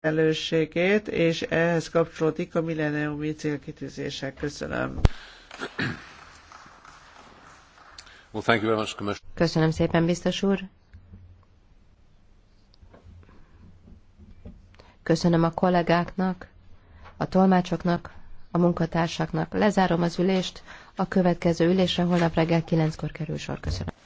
felelősségét, és ehhez kapcsolódik a milleniumi célkitűzések. Köszönöm. Köszönöm szépen, biztos úr. Köszönöm a kollégáknak, a tolmácsoknak, a munkatársaknak. Lezárom az ülést. A következő ülésre holnap reggel 9-kor kerül sor. Köszönöm.